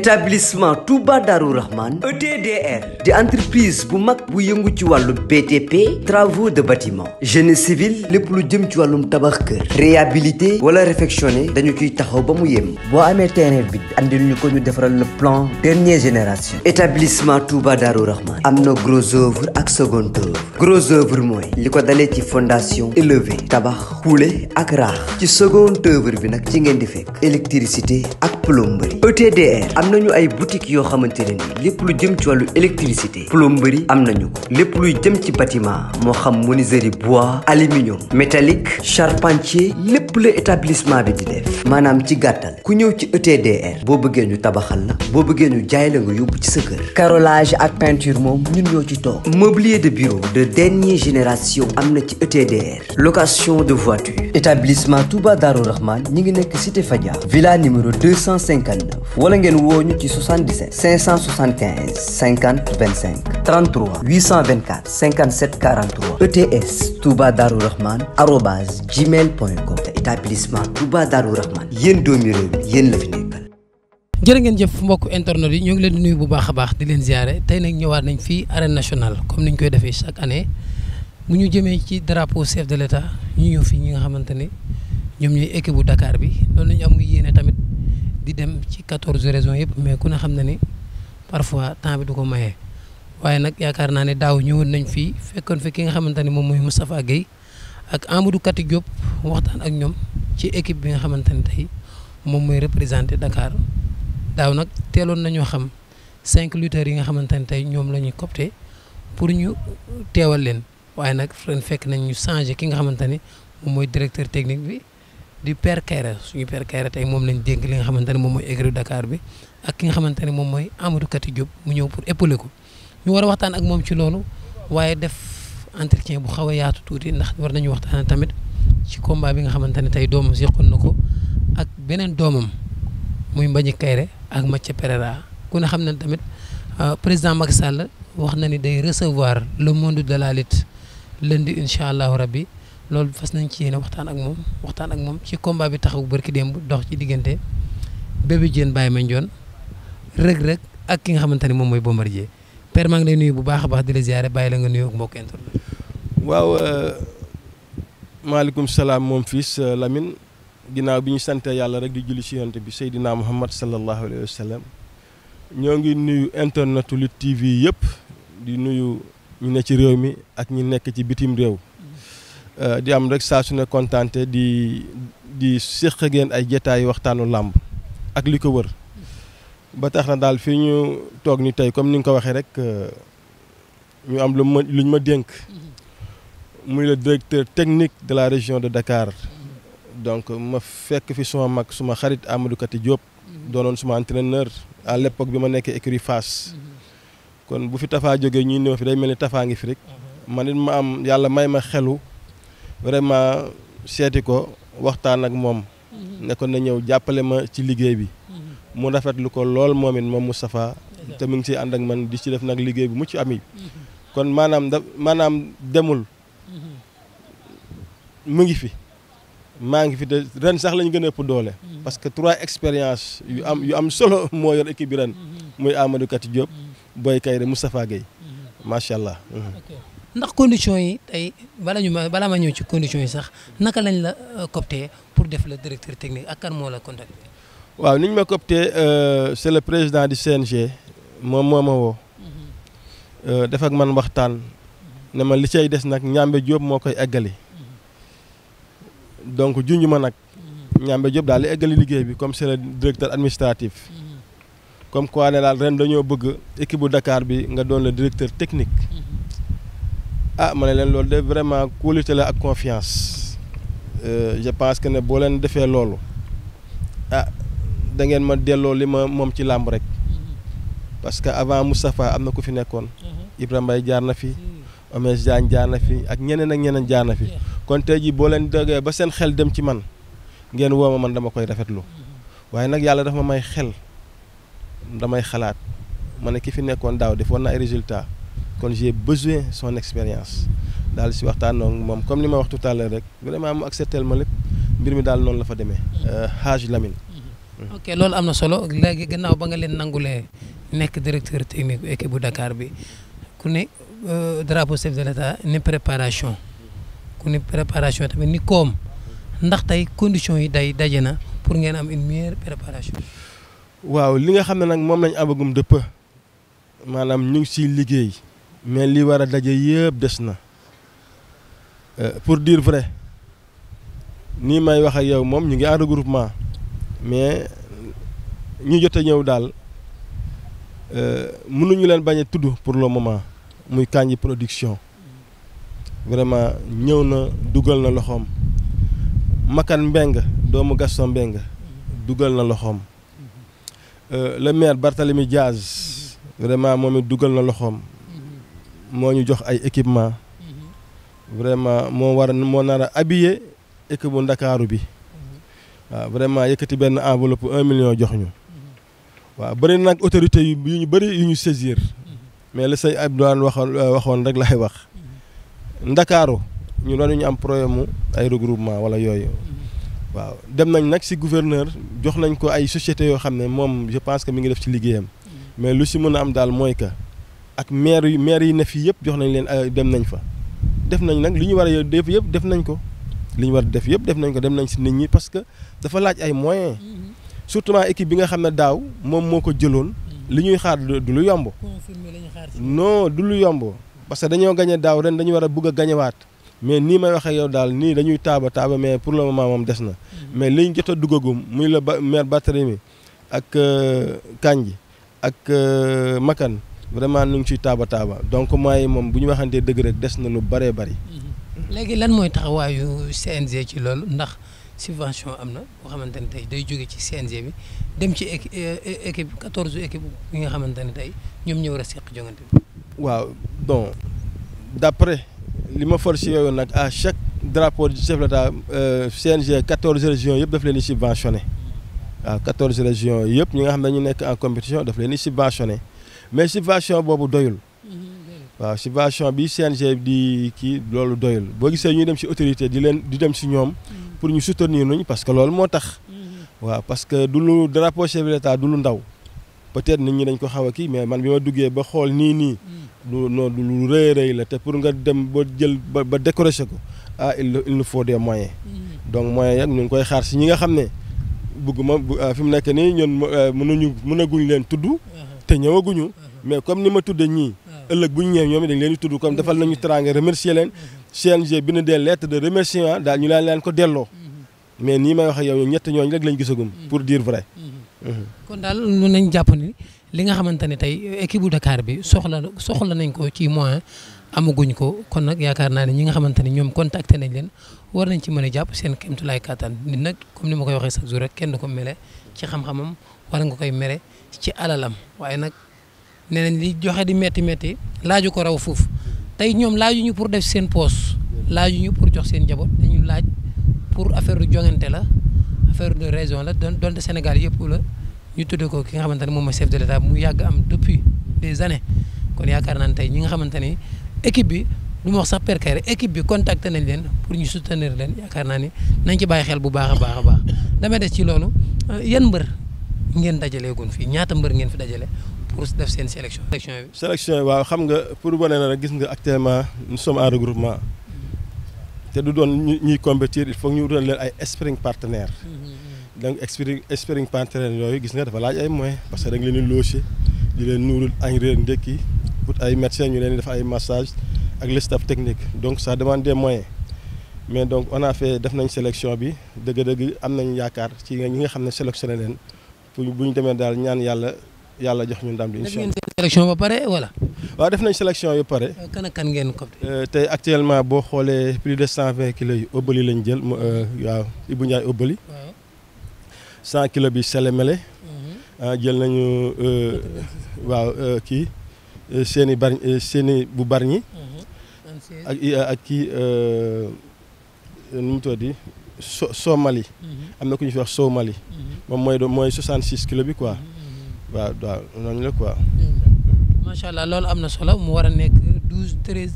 établissement Touba Darou Rahman ETDR di entreprise bu mag bu yëngu ci wàllu BTP travaux de bâtiment génie civil lépp lu jëm ci wàllum tabax kër réhabilité wala réfectionné dañu ciy taxaw ba mu yem. boo amee terrain bi andil ñu ko ñu defaral le plan dernière génération établissement Touba Darou Rahman am na gros œuvre ak second œuvre gros œuvre mooy li ko dalee ci fondation élevée tabax kuule ak raax ci second œuvre bi nag ci ngeen di fekk électricité ak plomberie ETDR am nañu ay boutique yoo xamante ne ni lépp lu jëm ci wàllu électricité plomberie am nañu ko lépp luy jëm ci bâtiment moo xam menuiserie bois aluminium métallique charpentier lépp la établissement bi di def maanaam ci gàttal ku ñëw ci ETDR boo bëggee ñu tabaxal la boo bëggee ñu jaay la nga yóbbu ci sa kër carrelage ak peinture moom ñun ñoo ci toog mobilier de bureau de dernière génération am na ci ETDR location de voiture établissement Touba Darou Rahman ñi ngi nekk cité Fadia 859 wala ngeen woo ñu ci 77 575 50 25 33 824 57 43 ETS Touba Darou Rahman arobase gmail point com te établissement Touba Darou Rahman yéen doomi réew mi yéen la fi nekkal. jërë ngeen jëf mbokk internet yi ñoo ngi leen di nuyu bu baax a baax di leen ziare tey nag ñëwaat nañ fii arène nationale comme ni ñu koy defee chaque année bu ñu jëmee ci drapeau chef de l' ñu ñëw fii ñi nga xamante ni ñoom ñooy équipe bu Dakar bi loolu la am yéene tamit di dem ci quatorze régions yëpp mais ku ne xam na ni parfois temps bi du ko maye. waaye nag yaakaar naa ne daaw ñëwoon nañ fii fekkoon fi ki nga xamante ne moom mooy Moustapha Guèye ak Amadou Kati Diop waxtaan ak ñoom ci équipe bi nga xamante ne tey moom mooy représenté dakaar daaw nag teeloon nañoo xam cinq lutteurs yi nga xamante ne tey ñoom la ñuy copté pour ñu teewal leen waaye nag fekk nañ ñu ki nga xamante ne moom mooy directeur technique bi di Père Kayra suñu Père Kayra tey moom lañ dénk li nga xamante ne moom mooy écurie dakaar bi ak ki nga xamante ne moom mooy Amadou Kati Diop mu ñëw pour épauler ko ñu war a waxtaan ak moom ci loolu waaye def entretien bu xaw a yaatu tuuti ndax war nañu waxtaan tamit ci combat bi nga xamante ne tey doomam seqoon na ko ak beneen doomam muy Mbagnick Kaïré ak Mathieu Pereira ku ne xam ne tamit euh, président Macky Sall wax na ni day recevoir le monde de la lutte lundi incha allahu rabbi loolu fas nañ ci yéene waxtaan ak moom waxtaan ak moom ci combat bi taxaw bërki démb dox ci diggante Bébé bàyyi Baye Mandione Reug Reug ak ki nga xamante ne moom mooy Bombardier père ngi lay nuyu bu baax a baax di la ziare la nga nuyu ak mbokk waaw euh, maaleykum salaam moom fils euh, Lamine ginnaaw bi ñu sante yàlla rek di julli ci yonent bi Seydina Muhammad sallallahu alayhi wa sallam ñoo ngi nuyu internetu Lutte TV yëpp di nuyu ñu ne ci réew mi ak ñu nekk ci bitim réew Euh, di am rek saa su ne kontante di di séq ngeen ay jotaayu waxtaanu làmb ak li ko wër ba tax na daal fii ñu toog ni tey comme ni nga ko waxee rek euh, ñu am lu ma lu ñu ma dénk muy le directeur technique de la région de Dakar donc ma fekk fi suma mag suma xarit Amadou Kati Diop doonoon suma entraîneur à l'époque bi ma nekkee écurie Fass kon bu fi tafaa jógee ñuy ñëw fi day mel ni tafaa ngi fi mhm. man it ma am yàlla may ma xelu vraiment seeti ko waxtaan ak moom. Mhm. ne ko na ñëw jàppale ma ci liggéey bi. Mhm. mu rafetlu ko lool moom it moom Moustapha. te mu ngi ciy ànd ak man di ci def nag liggéey bu ci ami mhm. kon maanaam da maanaam demul. mu ngi fi. maa ngi fi de ren sax lañ gën a ëpp doole. parce que trois expérience yu am yu am solo moo yor équipe bi ren. muy Amadou Kati Diop. Boy Kayre Moustapha Gueye. macha allah. ndax condition yi tey bala ñu ma balaa ma ñëw ci condition yi sax naka lañ la euh, coopté pour def la directeur technique ak kan moo la contacté. waaw ni ñu ma coopté euh, c'est le président du CNG moom moo ma woo. Mm-hmm. Euh, def ak man waxtaan ne ma li sey des nag ñaambe Diop moo koy eggali mm-hmm. donc junj ma nag mm-hmm. ñaambe Diop daal di eggali liggéey bi comme c'est le directeur administratif comme quoi ne daal ren dañoo bëgg équipe bu Dakar bi nga doon le directeur technique. ah ma ne leen loolu de vraiment kóolute la ak confiance euh, je pense que ne boo leen defee loolu ah da ngeen ma delloo li ma moom ci làmb rek parce que avant Moustapha am na ku fi nekkoon mhm. Ibrahima Mbaye jaar na fi Omès Diagne jaar na fi ak ñeneen ak ñeneen jaar na fi kon tey jii boo leen dëggee ba seen xel dem ci man ngeen woo ma man dama koy rafetlu mhm. waaye nag yàlla dafa ma may xel damay xalaat ma ne ki fi nekkoon daaw defoon na ay résultat kon j'ai besoin son expérience daal si waxtaan ak moom comme li ma wax tout à l'heure rek vraiment mu accepté ma lépp mbir mi daal noonu la fa demee euh, Hadj Lamine. Mm-hmm. ok loolu am na solo léegi gannaaw ba nga leen nangulee nekk directeur technique bu bu Dakar bi ku ne euh, drapeau chef de l'État ni préparation ku ni préparation tamit ni koom ndax tey conditions yi day daje na pour ngeen am une meilleure préparation. waaw li nga xam ne nag moom lañ amagum dëpp maanaam ñu ngi siy liggéey. mais li war a daje yëpp des na euh, pour dire vrai nii may wax ak yow moom ñu ngi en regroupement mais ñu jot a ñëw daal euh, mënuñu leen bañ a tudd pour le moment muy Kandji production vraiment ñëw na dugal na loxoom Makan Mbeng doomu Gaston Mbeng dugal na loxoom euh, le maire Barthélemy Diaz vraiment moom it dugal na loxoom. moo ñu jox ay équipement mm-hmm. vraiment moo war moo nar a habillé équipe ndakaaru bi mm-hmm. waaw vraiment yëkkati benn enveloppe un million jox ñu mm-hmm. waaw bëri nag autorité yu ñu bëri yu ñu saisir mais la say Abdoulaye waxoon waxoon rek laay wax ndakaaru ñu doon ñu am problème mu ay regroupement wala yooyu waaw dem nañ nag si gouverneur jox nañ ko ay sociétés yoo xam ne moom je pense que mi ngi def ci liggéeyam mais lu si mën a am daal mooy que ak maire yu maire yi ne fii yëpp jox nañ leen euh, dem nañ fa def nañ nag li ñu war a def yëpp def nañ ko li ñu war def yëpp def nañ ko dem nañ si nit ñi parce que dafa laaj ay moyens mm-hmm. surtout équipe bi nga xam ne daaw moom moo ko jëloon mm-hmm. li ñuy xaar du lu yomb non du lu yomb parce que dañoo gañe daaw ren dañu war a bugg a gañewaat mais nii may waxee yow daal nii dañuy taaba taaba mais pour le moment moom des na mm-hmm. mais liñ jot a duggagum muy la maire Barthélémy mi ak euh, Kandji ak euh, Makan vraiment nu ngi ciy taaba taaba donc mooy moom bu ñu waxantee dëgg rek des na lu bëree bëri. Mhm. léegi lan mooy taxawaayu CNG ci loolu ndax subvention am na boo xamante ne tey day jóge ci CNG bi dem ci euh, équipe quatorze équipe bi nga xamante ne tey ñoom ñëw war a seq jongante bi. waaw bon d'après li ma forcé yooyu nag à chaque drapeau du chef de l'État euh, CNG quatorze régions yëpp daf leen di subventionné waaw mhm. ah, quatorze régions yëpp ñu nga xam ne ñu nekk en compétition daf leen subventionné. mais subvention boobu doyul. Mm-hmm. waaw subvention bi CNG di kii loolu doyul boo gisee ñuy dem si autorité di leen di dem si ñoom. Mm-hmm. pour ñu soutenir nuñ parce que loolu moo tax. Mm-hmm. waaw parce que du lu drapeau chef du lu ndaw. peut-être nit ñi dañ ko xaw a kii mais man bi ma duggee ba xool nii nii. Mm. lu non lu rëy rëy la te pour nga dem ba jël ba ba décrocher ko ah il il faut des moyens. donc moyens yak ñu ngi koy xaar si ñi nga xam ne bëgg ma ah, fi mu nekk nii ñun euh, mënuñu mënaguñ leen tudd. Uh-huh. te ñëwaguñu mais comme ni ma tudde ñii ëllëg bu ñu ñëwee ñoom dañ leen di tudd comme defal nañu teraanga remercier leen CNG bi na dee lettre de remerciement daal ñu laal leen ko delloo mais ni may waxee ak yow ñoom ñett ñooñu rek lañ gisagum pour dire vrai kon daal mën nañ jàpp ni li nga xamante ne tey équipe bu Dakar bi soxla soxla nañ ko ci moyen amaguñ ko kon nag yaakaar naa ne ñi nga xamante ne ñoom contacté nañ leen war nañ ci mën a jàpp seen kéemtulaay kattan nit nag comme ni ma koy waxee chaque jour rek kenn du ko mele ci xam-xamam war nga koy mere ci alalam waaye nag ne nañ di joxe di metti metti laaju ko raw foofu tey ñoom laaju ñu pour def seen poos laaju ñu pour jox seen njaboot dañu laaj pour affaire du jongante la affaire de raison la don donte Sénégal yëpp la ñu tuddee ko ki nga xamante ne moom mooy chef de l'état mu yàgg am depuis des années kon yaakaar naa ne tey ñi nga xamante ni équipe bi du ma wax sax perkare équipe bi contacté nañ leen pour ñu soutenir leen yaakaar naa ni nañ ci xel bu baax a baax a baax dama des ci loolu euh, yan mbër ngeen dajaleegoon fii ñaata mbër ngeen fi dajale pour def seen sélection. sélection bi sélection bi waaw xam nga pour wane na rek gis nga actuellement nous sommes en regroupement te du doon ñuy compétir il faut ñu wutal leen ay sparring partenaires. Mm-hmm, mm-hmm. donc sparring sparring partenaires yooyu gis nga dafa laaj ay moyens parce que da nga leen di loger di leen nuurul añ réer ndékki pour ay médecins ñu leen di def ay massage ak le staff technique donc ça demande des mais donc on a fait def nañ sélection bi dëgg-dëgg am nañ yaakaar ci ñi nga xam ne sélectionné leen pour bu ñu demee daal ñaan yàlla yàlla jox ñu ndam bi incha allah sélection ba pare wala. waaw def nañ sélection yu pare. Euh, kan ko. Euh, tey actuellement boo xoolee plus de cent vingt kilos yi ëbbali lañ jël euh, waaw Ibou Ndiaye ëbbali. waaw cent kilos bi selemele. Mhm. jël nañu waaw ki seeni bar seeni bu barñi mhm. ak ak kii nu mu tudd soo Mali. Mm-hmm. am na ku ñu fi wax soo Mali. Mm-hmm. moom mooy mooy 66 kilo bi quoi. Mm-hmm. waaw waaw noonu la quoi. macha allah loolu am na solo mu war a nekk 12 13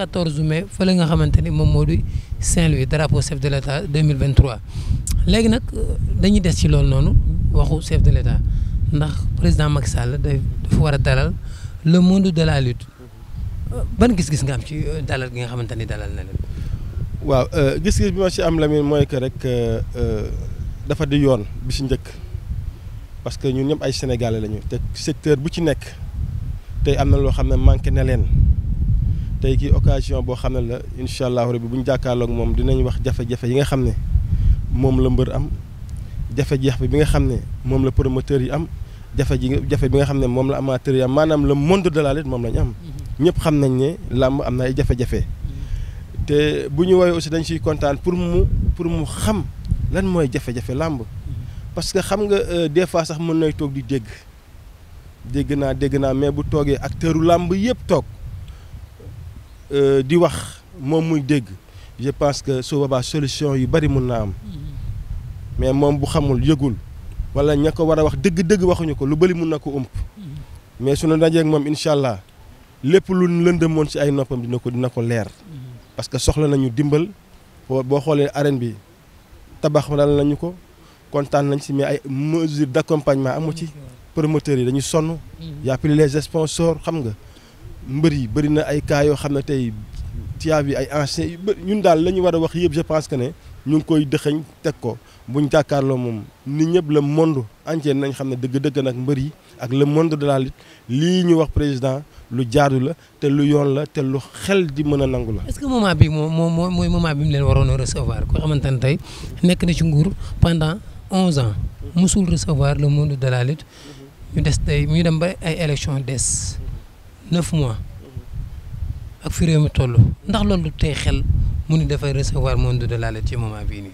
14 mai fële nga xamante ni moom moo di Saint-Louis drapeau chef de l' état léegi nag euh, dañuy des ci loolu noonu waxu chef de l' état ndax président Macky Sall dafa war a dalal le monde de euh, ban gis-gis nga am ci euh, dalal gi nga xamante ni dalal na leen. waaw euh, gis-gis bi ma ci am Lamine mooy que rek euh, euh, dafa di yoon bi ci njëkk parce que ñun ñëpp ay sénégalais lañu te secteur bu ci nekk tey am na loo xam ne manqué na leen tey kii occasion boo xam ne la incha allahu rabi bu ñu jàkkaarloog moom dinañ wax jafe-jafe yi nga xam ne moom la mbër am jafe-jafe bi nga xam ne moom la promoteur yi am jafe ji jafe bi nga xam ne moom la amateur yi am maanaam la monde de la lutte moom la am. Mm-hmm. ñëpp xam nañ ne làmb am na ay jafe-jafe. te bu ñu woowee aussi dañ siy kontaan pour mu pour mu xam lan mooy jafe-jafe làmb parce que xam nga euh, des fois sax mun nay toog di dégg dégg naa dégg naa mais bu toogee acteuru làmb yëpp toog euh, di wax moom muy dégg je pense que su boobaa solution yu bari mun naa am mais moom bu xamul yëgul wala ña ko war a wax dëgg-dëgg waxuñu ko lu bari mun na ko ëmp mais suñu dajee ak moom incha allah lépp lu lëndëmoon si ay noppam dina ko dina ko leer. parce que soxla nañu dimbal boo xoolee arène bi tabax dal nañu ko kontaan nañ si mais ay mesures d'accompagnement amu ci promoteurs yi dañu sonn mhm. y a plus les xam nga mbër yi bëri na ay cas yoo xam ne tey tiaa yi ay anciens ñun daal la ñu war a wax yëpp je pense que ne ñu ngi koy dëxëñ teg ko buñ jàkkaarloo moom nit ñëpp la monde entier nañ xam ne dëgg-dëgg nag mbër yi ak la monde de la lutte lii ñu wax président lu jaadu la te lu yoon la te lu xel di mën a nangu la. est-ce que moment bi moom moom mooy moment bi mu leen waroon a recevoir ko xamante tey nekk na ci nguur pendant onze ans musul recevoir le monde de la lutte ñu des tey ñu dem ba ay élection des neuf mois ak fi réew toll ndax loolu tey xel mu ni dafay recevoir monde de la lutte ci moment bii nii.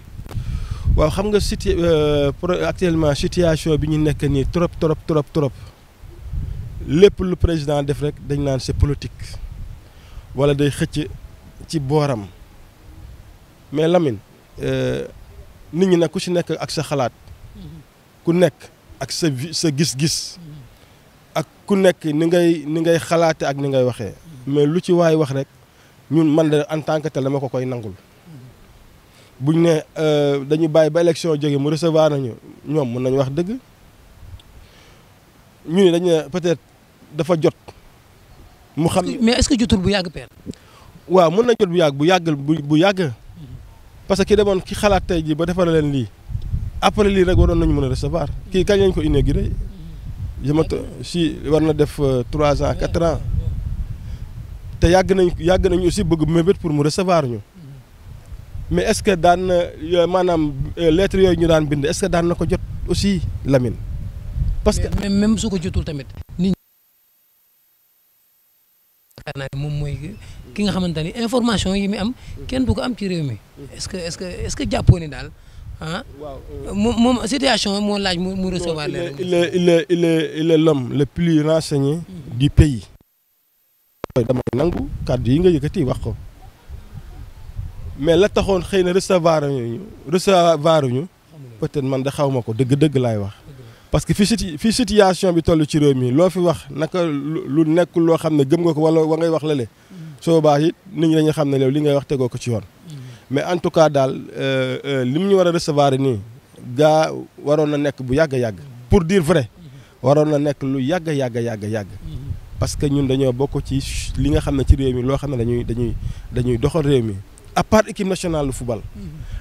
waaw xam nga siti situ euh, actuellement situation bi ñu nekk nii trop trop trop trop lépp lu président def rek dañ naan c'est politique wala day xëcc ci booram mais Lamine euh, nit ñi nag ku si nekk ak sa xalaat ku nekk ak sa sa gis-gis ak ku nekk ni ngay ni ngay xalaate ak ni ngay waxee mais lu ci waaye wax rek ñun man de en tant que tel ma ko koy nangul buñ ne euh, dañu bàyyi ba élection jóge mu recevoir nañu ñoom mën nañu wax dëgg ñu ne dañu ne peut dafa jot. mu xam mais est-ce que jotul bu yàgg père. waaw mën na jot bu yàgg bu yàggal bu bu yàgg parce que ki demoon ki xalaat tey jii ba defar leen lii après lii rek waroon nañu mën a recevoir kii kañ lañ ko inauguré jëmata si war na def euh, trois ans quatre ans te yàgg nañ yàgg nañu aussi bëgg mébét pour mu recevoir ñu. mais est-ce que daan na euh, maanaam euh, lettre yooyu ñu daan bind est que daan na ko jot aussi Lamine. parce que mais même su ko jotul tamit. nit ñi moom mooy ki nga xamante ni information yi mi am. kenn bu ko am ci réew mi. est-ce que est-ce que est-ce que jàppoo ni daal. ah moom moom situation moo laaj mu recevoir. il est il est il est il mhm. du pays. damay nangu kàddu yi nga yëkkati wax ko. mais la taxoon xëy na recevoir ñu recevoir ñu peut-être man da xaw ma ko dëgg-dëgg laay wax. parce que fi situ fi situation bi toll ci réew mi loo fi wax naka lu nekkul loo xam ne gëm nga ko wala wa ngay wax la lale soo baax it nit ñi dañuy xam ne li ngay wax tegoo ko ci yoon. mais en tout cas daal euh, euh, li mu ñu war a recevoir nii gaa waroon na nekk bu yàgg a yàgg. pour diir vrai waroon na nekk lu yàgg a yàgg yàgg yàgg. parce que ñun dañoo bokk ci li nga xam ne ci réew mi loo xam ne dañuy dañuy dañuy doxal mi. à part équipe nationale de football.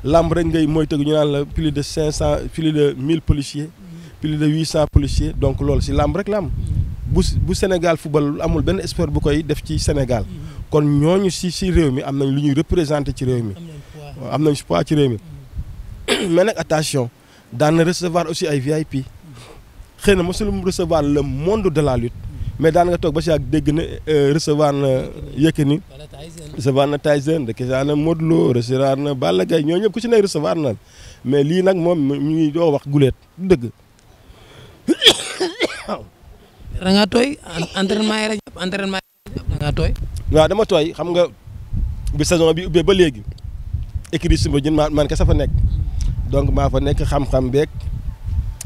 làmb rek ngay mooy tëgg ñu naan la plus de cinq cent plus de mille policiers. plus de huit cent policiers donc loolu si làmb rek la am. bu bu Sénégal football amul benn sport bu koy def ci Sénégal. kon ñooñu si si réew mi am nañ lu ñuy représenté ci réew mi. am nañ poids ci réew mi. mais nag attention daan na recevoir aussi ay VIP. xëy na mosul recevoir le monde de la lutte. mais daan nga toog ba si yàgg dégg na euh, recevoir na Yékini recevoir na Tyson recevoir na Modou recevoir na Balla Gaye ñoo ñëpp ku si nekk recevoir na mais lii nag moom ñu ngi doo wax guleet du dëgg waaw. da ngaa tooy entraînement yi xam nga bi saison bi ubbee ba léegi écrit simba jën ma fa nekk donc maa fa nekk xam-xam beeg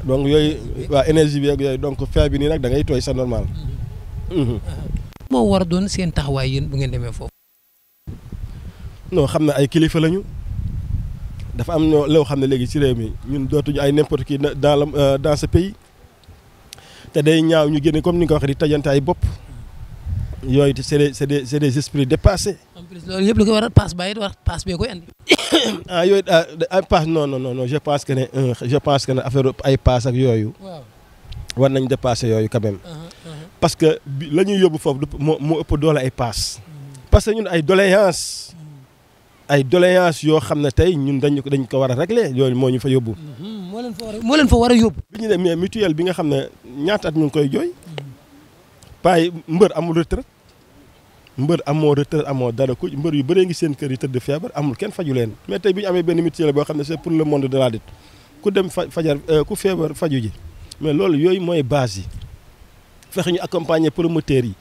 donc yooyu waa énergie beeg yooyu donc feebar bi nii nag dangay ngay tooy c'est normal. Mm-hmm. moo war a doon seen taxawaay yéen bu ngeen demee foofu. non xam na ay kilifa lañu dafa am ñoo loo xam ne léegi si réew mi ñun dootuñu ay n'importe qui dans la euh, dans ce pays te day ñaaw ñu génne comme ni nga waxee di tajante ay bopp yooyu c'est des c'est des c'est des esprits dépassés. en plus loolu yëpp lu ko war a paas bàyyi war paas bee koy andi. Ah, yooyu ah, ah paas non non non je pense que ne euh, je pense que ne affaire ay paas ak yooyu. war nañ dépasser yooyu quand même. parce que bi la ñuy yóbbu foofu moo moo ëpp doole ay paas. parce que ñun ay doléance ay doléance yoo xam ne tey ñun dañ ko dañ ko war a régler yooyu moo ñu fa yóbbu. moo leen fa war a moo leen fa war a yóbbu. bi ñu ne mais mutuelle bi nga xam ne ñaata at ñu ngi koy jooy. paay mbër amul retraite mbër amoo retraite amoo dara ku mbër yu bëree ngi seen kër yi tëdd feebar amul kenn faju leen mais tey bi ñu amee benn mutuelle boo xam ne c'est pour le monde de la lutte ku dem fa fajar euh, ku feebar faju ji. mais loolu yooyu mooy base yi fexe ñu accompagner promoteurs yi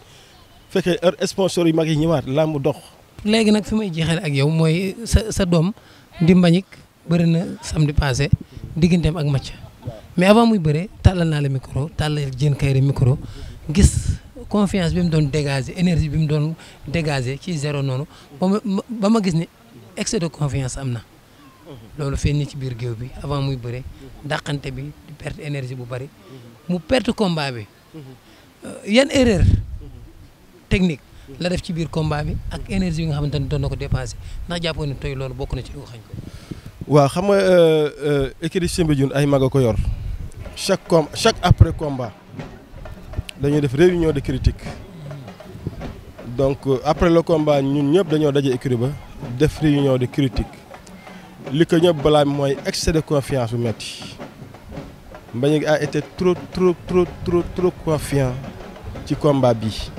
fexe sponsors yu mag yi ñëwaat làmb dox. léegi nag fi may jeexale ak yow mooy sa sa doom di Mbagnick bëri na samedi passé digganteem ak match mais avant muy bëre tàllal naa la micro tàllal Diène Kaïré micro gis confiance bi mu doon dégager énergie bi mu doon dégager ci zéro noonu ba ma gis ni excès de confiance am na loolu feeñ ni ci biir géew bi avant muy bëre dàqante bi. perte énergie bu bari mu perte combat bi euh, yan erreur technique la def ci biir combat bi ak énergie yi nga xamante ne doon na ko dépensé ndax jàppoon ne tey loolu bokk na ci lu xañ ko. waaw xam nga euh, euh, écurie Soumbédioune ay mag a ko yor chaque com chaque après combat dañuy def réunion de critique donc après le combat ñun ñëpp dañoo daje écurie ba def réunion de critique li ko ñëpp balaa mooy excès de confiance bu metti Mbagnick a été trop trop trop trop trop confiant ci combat bi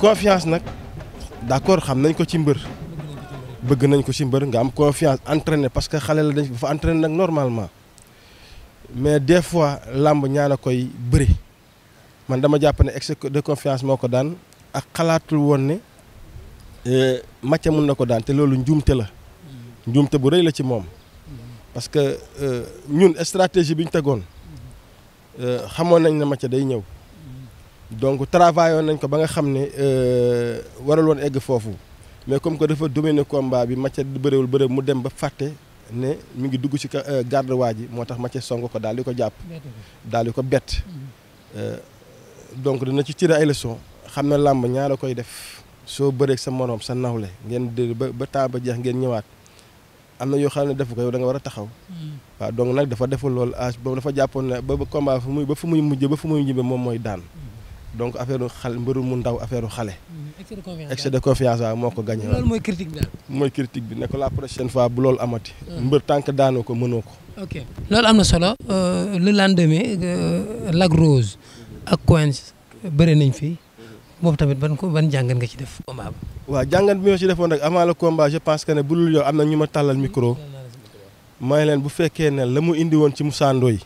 confiance nag d'accord xam nañ ko ci mbër bëgg nañ ko ci mbër nga am confiance entraîné parce que xale la dañ dafa entraîné nag normalement mais des fois làmb ñaan a koy bëri man dama jàpp ne excès de confiance moo ko daan ak xalaatul woon ne eh, Mathia mun na ko daan te loolu njuumte la njuumte bu rëy la ci moom parce que euh, ñun stratégie bi ñu tegoon euh, xamoon nañ ne Mathia day ñëw donc travailloon nañ ko ba nga xam ne euh, waral woon egg foofu mais comme que dafa dominer combat bi Mathia di bëriwul bëri mu dem ba fàtte ne mu ngi dugg ci garde waa ji moo tax Mathia song ko daal di ko jàpp daal di ko bett donc dina ci tirer ay xam ne làmb ñaar a koy def soo bëreeg sa moroom sa nawle ngeen dër ba ba temps jeex ngeen ñëwaat am na yoo xam ne defu ko yow da war a taxaw. Hmm. waaw donc nag dafa defu lool âge boobu dafa jàppoon ne ba combat fu muy ba fu muy mujj ba fu muy ñibbe moom mooy daan. Hmm. donc affaire xale mbëru mu ndaw affaire xale. Hmm, excès de confiance waaw moo ko gagné. loolu mooy critique bi mooy bi ne la prochaine fois bu loolu amati. mbër tànk daanoo ko mënoo ko. ok loolu am na solo euh, le lendemain euh, Lac Rose ak Quench bëre nañ fi. boobu tamit ban ko ban jàngat nga ci def combat ba. waaw jàngat bi ma ci defoon rek avant le combat je pense que ne bu dul yow am na ñu ma tàllal micro. Mm. may leen bu fekkee ne la mu indi woon ci Moussa Ndoye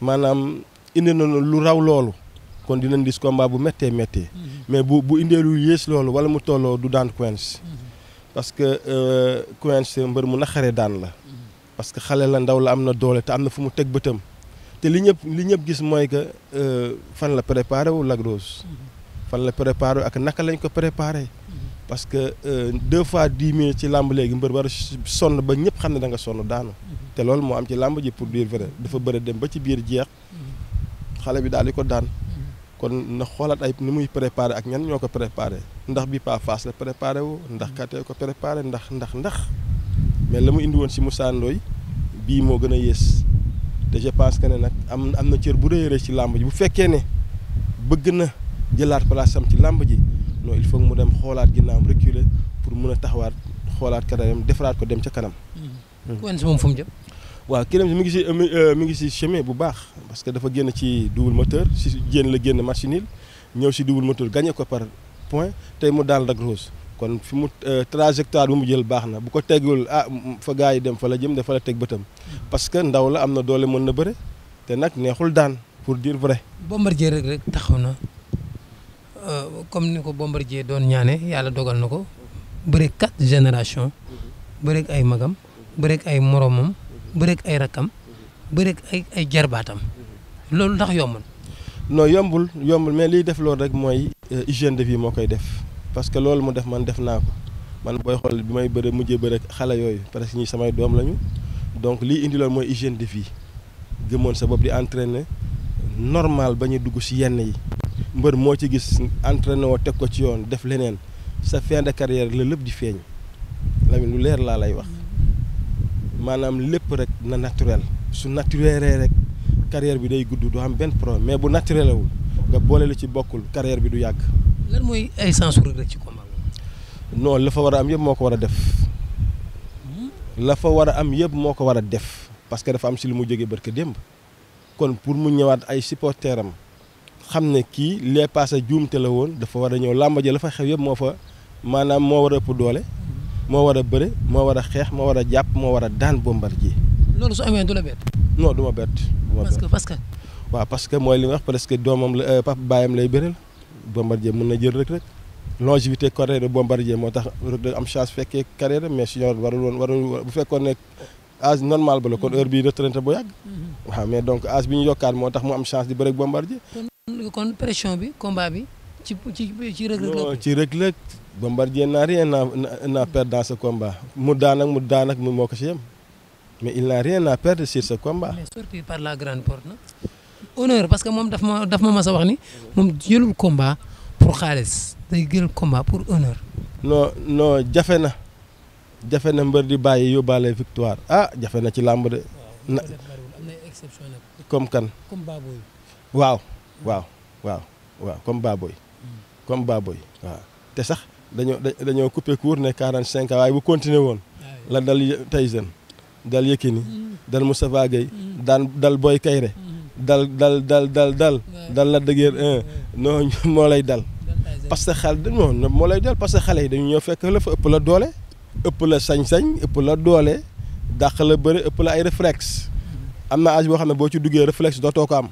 maanaam indi na lu raw loolu kon dinañ gis combat bu méttee méttee mm-hmm. mais bu bu indee lu yées loolu wala mu tolloo du daan Quench mm-hmm. parce que euh, Quench mbër mu naqaree daan la mm-hmm. parce que xale la ndaw la am na doole te am na fu mu teg bëtam te li ñëpp li ñëpp gis mooy que euh, fan la préparé wu Lac Rose fan la préparé ak naka lañ ko préparé parce que euh, deux fois dix minutes ci làmb léegi mbër war sonn ba ñëpp xam ne da nga sonn daanu te loolu moo am ci làmb ji pour dire vrai dafa bëri dem ba ci biir jeex xale bi daal di ko daan kon na xoolaat ay ni muy préparé ak ñan ñoo ko préparé ndax bi pas face la préparé wu ndax katee ko préparé ndax ndax ndax mais la mu indi woon si Moussa Ndoye bii moo gën a yées te je pense que ne nag am am na cër bu rëy rëy ci làmb ji bu fekkee ne bëgg na jëlaat place am ci làmb ji non il faut mu dem xoolaat ginnaawam reculer pour mun a taxawaat xoolaat kanam defaraat ko dem ca kanam. Hmm. Hmm. ku si fu mu jëm. waaw keneen mi ngi si euh, mi ngi si chemin bu baax parce que dafa génn ci double moteur si génn la génn machine ñëw si double moteur gagné ko par point tey mu daan Lac Rose kon fi mu euh, trajectoire bi mu jël baax na bu ko tegul ah fa gars yi dem fa la jëm dafa la teg bëtam parce que ndaw la am na doole mën na bëre te nag neexul daan pour dire vrai. Bombardier rek rek taxaw na. Euh, comme ni ko Bombardier doon ñaane yàlla dogal na ko bëreeg quatre génération bëreeg ay magam bëreeg ay moromam bëreeg ay rakkam bëreeg ay ay jarbaatam loolu ndax yombul. noo yombul yombul mais liy def loolu rek mooy euh, hygiène de vie moo koy def parce que loolu mu def man def naa ko man booy xool bi may bëre mujjee bëre xale yooyu parce que ñi samay doom lañu donc lii indi loolu mooy hygiène de vie gëmoon sa bopp di entraîner normal ba ñu dugg ci yenn yi. mbër moo ci gis entraîné woo teg ko ci yoon def leneen sa fin de carrière la lépp di feeñ la lu leer laa lay wax maanaam lépp rek na naturel su naturel rek carrière bi day gudd du am benn problème mais bu naturel wul nga boole li ci bokkul carrière bi du yàgg. lan mooy ay sens rek ci combat non la fa war a am yëpp moo ko war a def hmm? la fa war a am yëpp moo ko war a def parce que dafa am si lu mu jógee barke démb kon pour mu ñëwaat ay supporteram xam ne kii lee passé juumte la woon dafa war a ñëw làmba la fa xew yëpp moo fa maanaam moo war a ëpp doole moo war a bëre moo war a xeex moo war a jàpp moo war a daan Bombardier loolu su amee du la bett. non du ma bett. parce que parce que. waaw parce mooy li ma wax presque doomam la euh, papa baayam lay bëreel Bombardier mën na jël rek rek longévité carrière Bombardier moo tax rek am chance fekkee carrière mais Junior warul woon warul bu fekkoon ne âge normal ba la kon heure bii mhm. moo tax mu am chance di kon pression bi bi ci ci ci Reug Reug la ci Reug Reug Bombardier mu daan mu daanak ak mu moo mais il n'a rien à perdre sur ce combat. par la grande porte na honneur parce que moom daf ma daf a wax ni moom jëlul combat pour xaalis day jël combat pour honneur. non non jafe na jafe na mbër di bàyyi yóbbaale victoire ah jafe na ci làmb de. na comme kan. waaw. waaw waaw waaw comme Baboy. comme Baboy waaw te sax dañoo dañoo coupé court ne 45 ans waaye bu continué woon. la dal Tyson dal Yékini mm. dal Moustapha Gueye mm. daal dal Boy Kayre mm. dal dal dal dal dal dal la dëgër non moo lay dal parce que xale non moo lay dal parce que xale yi dañu ñoo fekk la fa ëpp la doole ëpp la sañ-sañ ëpp la doole dàq la bëri ëpp la ay réflexe am na âge boo xam ne boo ci duggee réflexe dootoo ko am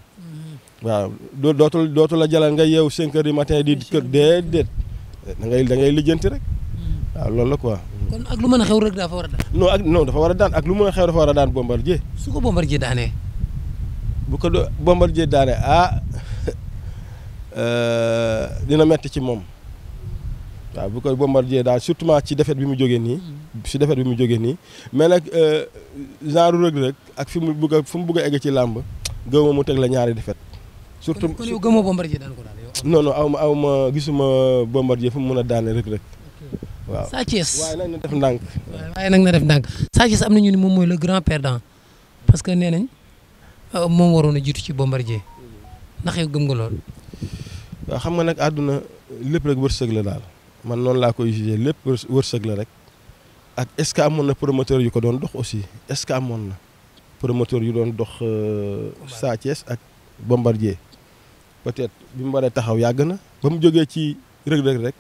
waaw dootul dootul la jalal nga yeew 5 heures du matin di kër déedéet da ngay da lijjanti rek hmm. waaw loolu la quoi. kon ak lu mën a xew rek fa war a daan. non ak non dafa war a daan ak lu mën a xew war a daan Bombardier. su ko Bombardier daanee. bu ko Bombardier daanee ah euh, dina metti ci moom waaw bu ko Bombardier daal surtout ci défaite bi mu jógee nii. si hmm. défaite bi mu jógee nii mais nag euh, genre Reug Reug ak fi mu bugg fu mu bugg a egg ci làmb gëw mu teg la ñaari défaite. surtout kon yow gëmoo Bombardier daan ko daan yow. non non aw ma aw ma gisuma Bombardier fu mu mën a daane rek rek. waaw Sa Thiès waaye nag na def ndànk. waaye nag na def ndànk Sa Thiès am na ñu ne moom mooy le grand perdant parce que nee nañ euh, moom waroon a jiitu ci Bombardier ndax yow gëm nga lool. waaw xam nga nag àdduna lépp rek wërsëg la daal man noonu laa koy jugé lépp wërsëg la rek ak est-ce que amoon na promoteur yu ko doon dox aussi est-ce que amoon na promoteur yu doon dox euh, Sa Thiès ak Bombardier. peut-être bi mu baree taxaw yàgg na ba mu jógee ci rëg-rëg rek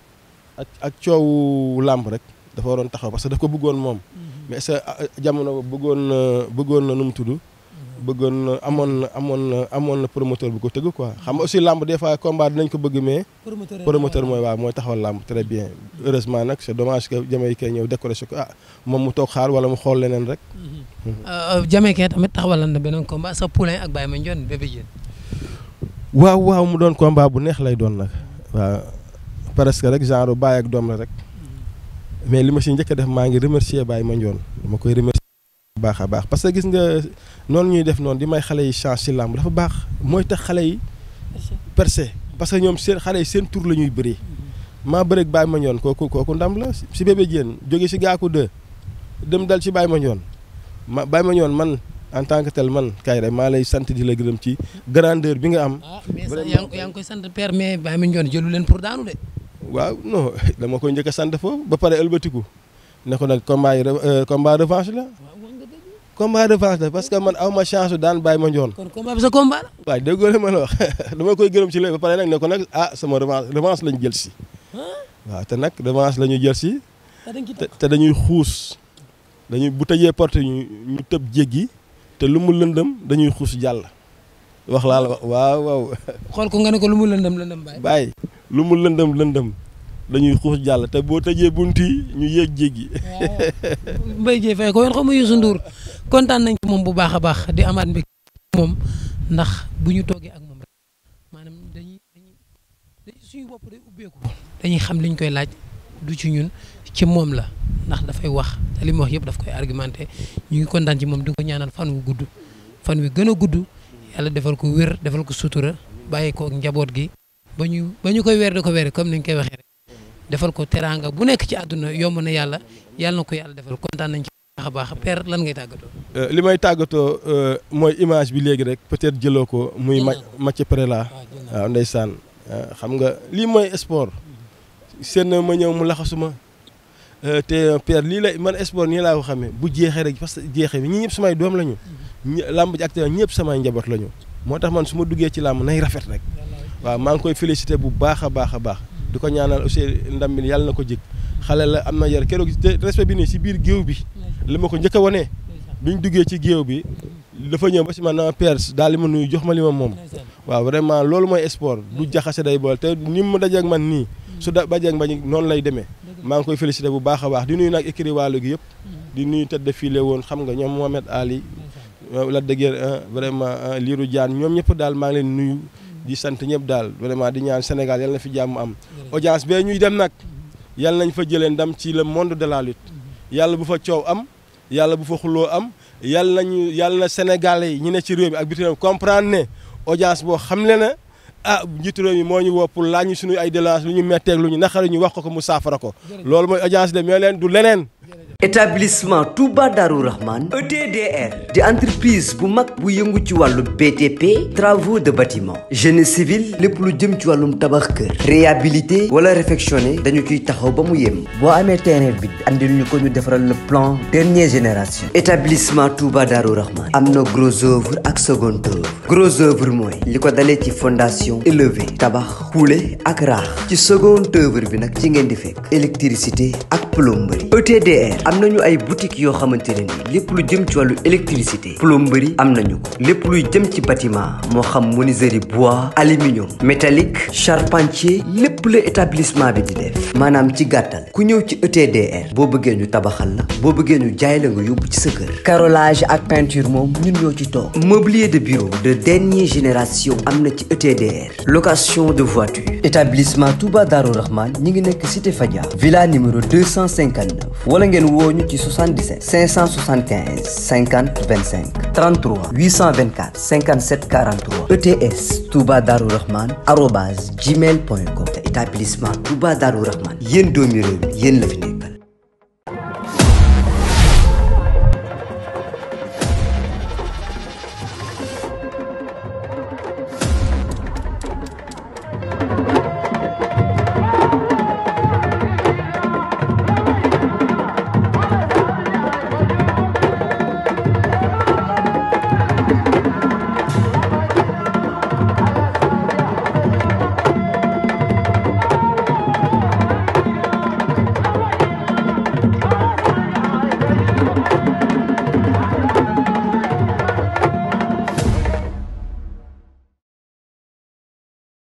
ak ak coowu làmb rek dafa waroon taxaw parce que daf ko bëggoon moom. Mhm. mais sa jamono bëggoon na bëggoon na nu mu tudd. Mhm. bëggoon na amoon na amoon na amoon na promoteur bu ko tëgg quoi xam nga aussi làmb des fois combat dinañ ko bëgg mais. promoteur mooy waaw mooy taxawal làmb très bien. heureusement nag c'est dommage que Jamaïcain ñëw décorer ko ah moom mu toog xaar wala mu xool leneen rek. Mhm. Euh, tamit taxawal na beneen combat sa poulain ak Baye Mandione waaw waaw mu doon combat bu neex lay doon nag waaw presque rek genre baay ak doom la rek mais li ma si njëkk def maa ngi remercier Baye Mandione dama koy remercier baax a baax parce que gis nga noonu ñuy def noonu di may xale yi chance ci làmb dafa baax mooy tax xale yi percé parce que ñoom seen xale yi seen tour la ñuy bëri maa bëre baay ma Mandione kooku kooku ndam la si bébé Diène jóge si gaaku 2 dem dal ci Baye Mandione ma Baye Mandione man en tant que tel man Kairé maa lay sant di la gërëm ci grandeur bi nga am. vraiment ah mais yaa ngi koy sant père mais Baye Mandione jëlu leen pour daanu de. waaw non dama koy njëkk a sant foofu ba pare ëlbatiku ne ko nag combat yi euh, combat revanche la. combat revanche la parce que man aw ma chance daan Baye ma kon combat bi sa combat la. waaw déggoo la ma la wax dama koy gërëm ci loolu ba pare nag ne ko nag ah sama revanche revanche lañu jël si. waaw te nag revanche la jël si. te dañuy xuus dañuy bu tëjee porte ñu ñu tëb jéggi. te lu mu lëndëm dañuy xuus jàll wax laa la waaw waaw. xool ko nga ne ko lu mu lëndëm lëndëm bàyyi. bàyyi lu mu lëndëm lëndëm dañuy xuus jàll te boo tëjee bunt yi ñu yéeg jéggi. waaw Mbaye Dieye Faye ko yoon xamu Youssou Ndour kontaan nañ ci moom bu baax a baax di amaat mbégte moom ndax bu ñu toogee ak moom rek maanaam dañuy suñu bopp day ubbeeku. dañuy xam liñ koy laaj du ci ñun ci moom la ndax dafay wax te li mu wax yëpp daf koy argumenté ñu ngi kontaan ci moom di ko ñaanal fan wu gudd fan wi gën a gudd yàlla defal ko wér defal ko sutura bàyyi kook njaboot gi ba ñu ba ñu koy weer di ko weer comme ni ñu koy waxee rek defal ko teraanga bu nekk ci àdduna yomb na yàlla yàlla na ko yàlla defal ko kontaan nañ ci baax a baax a père lan ngay tàggatoo. Euh, li may tàggatoo euh, mooy image bi léegi rek peut-être jëloo ko muy Mathieu Préla ah, waaw ndeysaan euh, xam nga lii mooy sport seen ma ñëw mu laxasuma Euh, te euh, per lii la man sport nii laa ko xamee bu jeexee rek parce que jeexee bi ñi ñëpp samay doom la ñu. làmb ji acteur ñëpp samay njaboot la ñu. moo tax man su ma duggee ci làmb nay rafet rek. waaw maa ngi koy félicité bu baax a baax a baax. di ko ñaanal aussi ndam bi yàlla na ko jig xale la am na yar keroog respect bi nii si biir géew bi. li ma ko njëkk a wane. biñ duggee ci géew bi. dafa ñëw ba si man na ah, Pierre daal li ma nuyu jox ma li ma moom. waaw vraiment loolu mooy sport. du jaxase day bool te ni mu dajeeg man nii. su da dajeeg ma noonu lay demee. maa ngi koy félicité bu baax a baax di nuyu nag écrit walo gi yëpp di nuyu tëdd filé woon xam nga ñoom Mohamed Ali la dëggeer vraiment liiru jaan ñoom ñëpp daal maa ngi leen nuyu di sant ñëpp daal vraiment di ñaan Sénégal yal na fi jàmm am audience bee ñuy dem nag yal nañ fa jëlee ndam ci le monde de la yàlla bu fa coow am yàlla bu fa xuloo am yàlla nañu yàlla na Sénégalais yi ñu ne ci réew mi ak bitim comprendre ne audience boo xam ne na ah njiitu réew mi moo ñu woo laa laaj ñu suñu ay délances lu ñu metteeg lu ñu naqari ñu wax ko ko mu saafara ko loolu mooy audience de mais leen du leneen établissement Touba Darou Rahman ETDR di entreprise bu mag bu yëngu ci wàllu BTP travaux de bâtiment génie civil lépp lu jëm ci wàllum tabax kër réhabilité wala réfectionné dañu ciy taxaw ba mu yem. boo amee terrain bi andil ñu ko ñu defaral le plan dernière génération établissement Touba Darou Rahman am na gros œuvre ak second œuvre gros œuvre mooy li ko dalee ci fondation élevé tabax xuule ak raax ci second œuvre bi nag ci ngeen di fekk électricité ak plomberie ETDR DER am nañu ay boutique yoo xamante ne ni lépp lu jëm ci wàllu électricité plomberie am nañu ko lépp luy jëm ci bâtiment moo xam menuiserie bois aluminium métallique charpentier lépp la établissement bi di def maanaam ci gàttal ku ñëw ci ETDR boo bëggee ñu tabaxal la boo bëggee nu jaay la nga yóbbu ci sa kër ak peinture moom ñun ñoo ci toog mobilier de bureau de dernière génération am na ci et ETDR location de voiture établissement Touba Darou Rahman ñi ngi nekk cité Fadia villa numéro 259 wala ngeen woo ñu ci 77 575 50 25 33 824 57 43 ETS Touba Darou Rahman arobase gmail point com te établissement Touba Darou Rahman yéen doomi réew mi yéen la fi ne